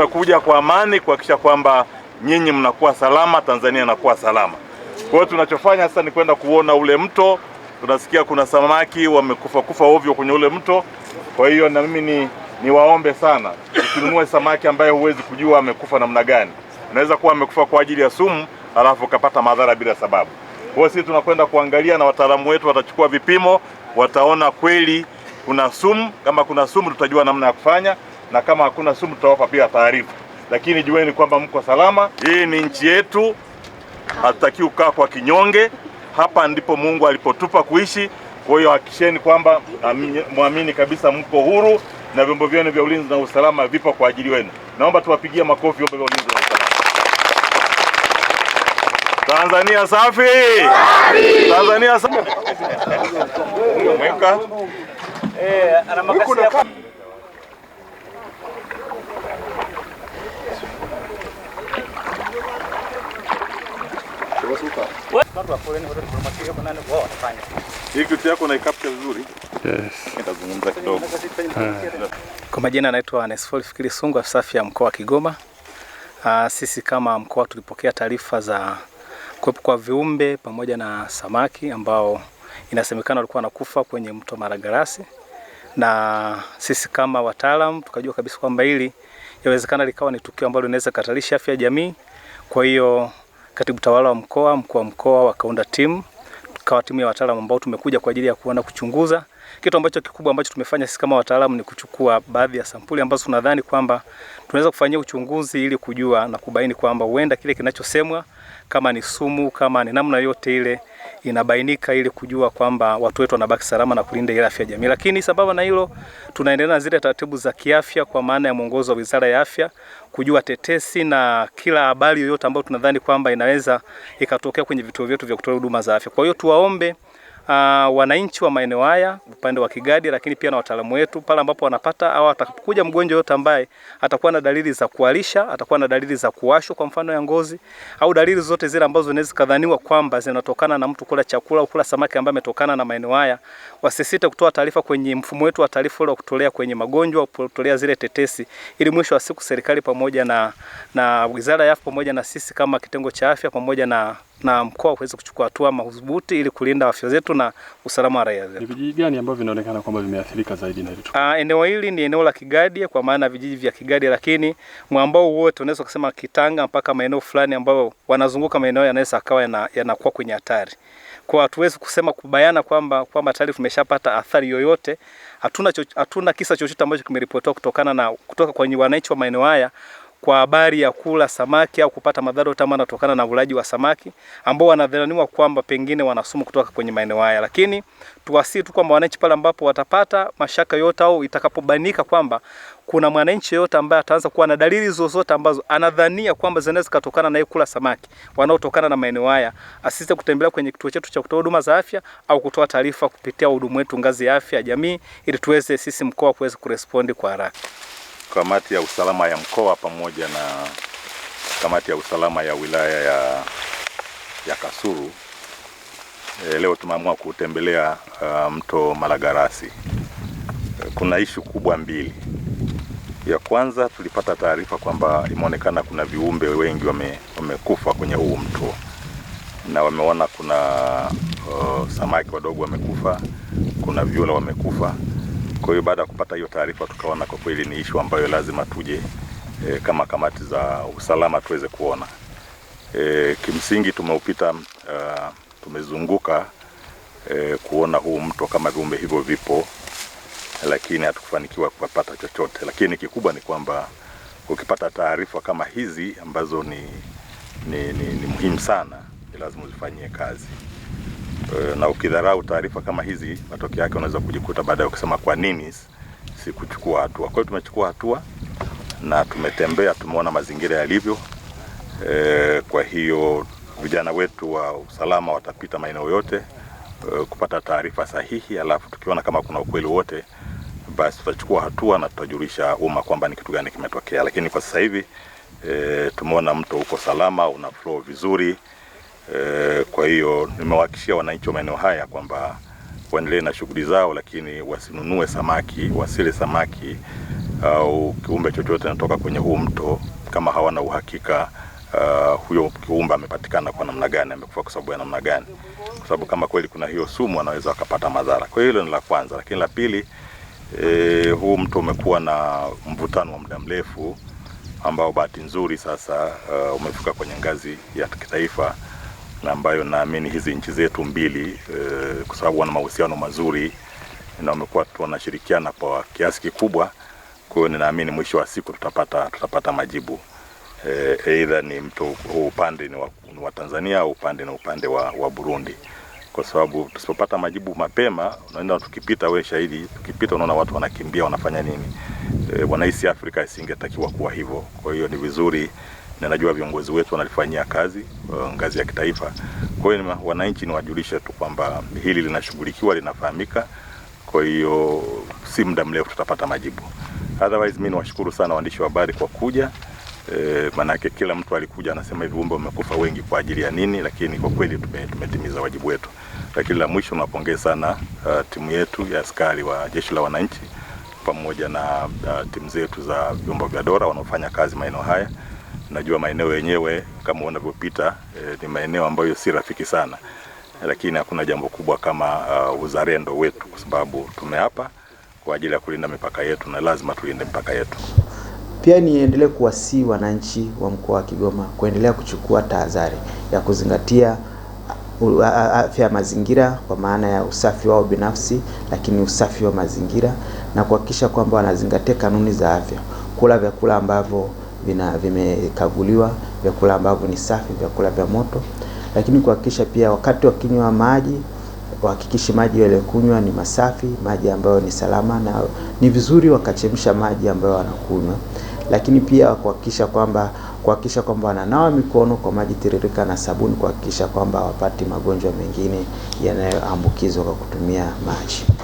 Tunakuja kwa amani kuhakikisha kwamba nyinyi mnakuwa salama, Tanzania inakuwa salama. Kwa hiyo tunachofanya sasa ni kwenda kuona ule mto. Tunasikia kuna samaki wamekufa kufa ovyo kwenye ule mto. Kwa hiyo na mimi ni niwaombe sana usinunue samaki ambaye huwezi kujua amekufa namna gani. Anaweza kuwa amekufa kwa ajili ya sumu, alafu ukapata madhara bila sababu. Kwa hiyo sisi tunakwenda kuangalia na wataalamu wetu watachukua vipimo, wataona kweli kuna sumu. Kama kuna sumu, tutajua namna ya kufanya na kama hakuna sumu tutawapa pia taarifa, lakini jueni kwamba mko salama. Hii ni nchi yetu, hatutaki kukaa kwa kinyonge. Hapa ndipo Mungu alipotupa kuishi. Kwa hiyo hakikisheni kwamba mwamini kabisa mko huru na vyombo vyenu vya ulinzi na usalama vipo kwa ajili wenu. Naomba tuwapigie makofi vyombo vya ulinzi na usalama. Tanzania safi! Tanzania safi! Tanzania eh, safi! Kwa majina anaitwa Onesphore Fikiri Sungu, afisa afya mkoa wa Kigoma. Aa, ah, sisi kama mkoa tulipokea taarifa za kuwepo kwa viumbe pamoja na samaki ambao inasemekana walikuwa wanakufa kwenye mto maragarasi na sisi kama wataalamu tukajua kabisa kwamba hili yawezekana likawa ni tukio ambalo linaweza katarisha afya ya jamii, kwa hiyo katibu tawala wa mkoa, mkuu wa mkoa wakaunda timu, tukawa timu ya wataalamu ambao tumekuja kwa ajili ya kuona kuchunguza kitu ambacho kikubwa ambacho tumefanya sisi kama wataalamu ni kuchukua baadhi ya sampuli ambazo tunadhani kwamba tunaweza kufanyia uchunguzi ili kujua na kubaini kwamba huenda kile kinachosemwa kama ni sumu, kama ni namna yote ile inabainika ili kujua kwamba watu wetu wanabaki salama na kulinda ile afya ya jamii. Lakini sababu na hilo, tunaendelea na zile taratibu za kiafya kwa maana ya mwongozo wa Wizara ya Afya kujua tetesi na kila habari yoyote ambayo tunadhani kwamba inaweza ikatokea kwenye vituo vyetu vya kutoa huduma za afya. Kwa hiyo tuwaombe uh, wananchi wa maeneo haya upande wa Kigadi, lakini pia na wataalamu wetu pale ambapo wanapata au atakuja mgonjwa yote ambaye atakuwa na dalili za kualisha atakuwa na dalili za kuwashwa kwa mfano ya ngozi au dalili zote zile ambazo zinaweza kadhaniwa kwamba zinatokana na mtu kula chakula au kula samaki ambaye ametokana na maeneo haya, wasisite kutoa taarifa kwenye mfumo wetu wa taarifa ule wa kutolea kwenye magonjwa kutolea zile tetesi, ili mwisho wa siku serikali pamoja na na Wizara ya Afya pamoja na sisi kama kitengo cha afya pamoja na na mkoa uweze kuchukua hatua madhubuti ili kulinda afya zetu na usalama wa raia zetu. Ni vijiji gani ambavyo vinaonekana kwamba vimeathirika zaidi na hilo? Ah, eneo hili ni eneo la kigadi kwa maana vijiji vya kigadi lakini mwambao wote unaweza kusema Kitanga mpaka maeneo fulani ambayo wanazunguka maeneo yanaweza akawa yanakuwa kwenye hatari. Kwa hatuwezi kusema kubayana kwamba kwamba tayari tumeshapata athari yoyote. Hatuna hatuna kisa chochote ambacho kimeripotiwa kutokana na kutoka kwenye wananchi wa maeneo haya kwa habari ya kula samaki au kupata madhara tama yanatokana na ulaji wa samaki ambao wanadhaniwa kwamba pengine wana sumu kutoka kwenye maeneo haya, lakini tuwasii tu kwamba wananchi pale ambapo watapata mashaka yote au itakapobanika kwamba kuna mwananchi yote ambaye ataanza kuwa na dalili zozote ambazo anadhania kwamba zinaweza kutokana na kula samaki wanaotokana na maeneo haya, asiste kutembelea kwenye kituo chetu cha kutoa huduma za afya au kutoa taarifa kupitia wahudumu wetu ngazi ya afya ya jamii, ili tuweze sisi mkoa kuweza kurespondi kwa haraka kamati ya usalama ya mkoa pamoja na kamati ya usalama ya wilaya ya, ya Kasulu e, leo tumeamua kutembelea uh, mto Malagarasi. E, kuna ishu kubwa mbili. Ya kwanza tulipata taarifa kwamba imeonekana kuna viumbe wengi wame, wamekufa kwenye huu mto na wameona kuna uh, samaki wadogo wamekufa, kuna viula wamekufa kwa hiyo baada ya kupata hiyo taarifa, tukaona kwa kweli ni ishu ambayo lazima tuje e, kama kamati za usalama tuweze kuona e, kimsingi tumeupita uh, tumezunguka e, kuona huu mto kama viumbe hivyo vipo, lakini hatukufanikiwa kupata chochote. Lakini kikubwa ni kwamba ukipata taarifa kama hizi ambazo ni, ni, ni, ni muhimu sana, ni lazima uzifanyie kazi. Eh, na ukidharau taarifa kama hizi, matokeo yake unaweza kujikuta baadaye ukisema kwa nini sikuchukua hatua. Kwa hiyo tumechukua hatua na tumetembea, tumeona mazingira yalivyo. E, kwa hiyo vijana wetu wa usalama watapita maeneo yote e, kupata taarifa sahihi, alafu tukiona kama kuna ukweli wote, basi tutachukua hatua na tutajulisha umma kwamba ni kitu gani kimetokea. Lakini kwa sasa hivi e, tumeona mto uko salama, una flow vizuri. E, kwa hiyo nimewahakikishia wananchi wa maeneo haya kwamba waendelee na shughuli zao, lakini wasinunue samaki, wasile samaki au kiumbe chochote anatoka kwenye huu mto kama hawana uhakika uh, huyo kiumbe amepatikana kwa namna gani, amekufa kwa sababu ya namna gani, kwa sababu kama kweli kuna hiyo sumu anaweza akapata madhara. Kwa hiyo hilo ni la kwanza, lakini la pili E, huu mto umekuwa na mvutano wa muda mrefu ambao bahati nzuri sasa uh, umefika kwenye ngazi ya kitaifa na ambayo naamini hizi nchi zetu mbili e, kwa sababu wana mahusiano mazuri na wamekuwa wanashirikiana kwa kiasi kikubwa. Kwa hiyo ninaamini mwisho wa siku tutapata, tutapata majibu e, eh, aidha ni mtu upande ni wa, ni wa Tanzania au upande na upande wa, wa Burundi, kwa sababu tusipopata majibu mapema, unaenda tukipita, we shahidi, tukipita unaona watu wanakimbia wanafanya nini e, wanahisi Afrika isingetakiwa kuwa hivyo. Kwa hiyo ni vizuri na najua viongozi wetu wanalifanyia kazi uh, ngazi ya kitaifa. Kwa hiyo wananchi ni niwajulishe tu kwamba hili linashughulikiwa, linafahamika. Kwa hiyo si muda mrefu tutapata majibu. Otherwise mimi niwashukuru sana waandishi wa habari kwa kuja e, eh, manake kila mtu alikuja anasema hivi viumbe wamekufa wengi kwa ajili ya nini, lakini kwa kweli tumetimiza wajibu wetu. Lakini la mwisho napongeza sana uh, timu yetu ya askari wa jeshi la wananchi pamoja na uh, timu zetu za vyombo vya dola wanaofanya kazi maeneo haya. Najua maeneo yenyewe kama unavyopita e, ni maeneo ambayo si rafiki sana, lakini hakuna jambo kubwa kama uh, uzalendo wetu, kwa sababu tumeapa kwa ajili ya kulinda mipaka yetu na lazima tulinde mipaka yetu. Pia niendelee kuwasihi wananchi wa mkoa wa Kigoma kuendelea kuchukua tahadhari ya kuzingatia uh, uh, afya ya mazingira kwa maana ya usafi wao binafsi, lakini usafi wa mazingira na kuhakikisha kwamba wanazingatia kanuni za afya, kula vyakula ambavyo vina vimekaguliwa, vyakula ambavyo ni safi, vyakula vya moto, lakini kuhakikisha pia wakati wakinywa maji wahakikishe maji waliokunywa ni masafi, maji ambayo ni salama, na ni vizuri wakachemsha maji ambayo wanakunywa, lakini pia kuhakikisha kwamba kuhakikisha kwamba wananawa mikono kwa maji tiririka na sabuni, kuhakikisha kwamba hawapati magonjwa mengine yanayoambukizwa kwa kutumia maji.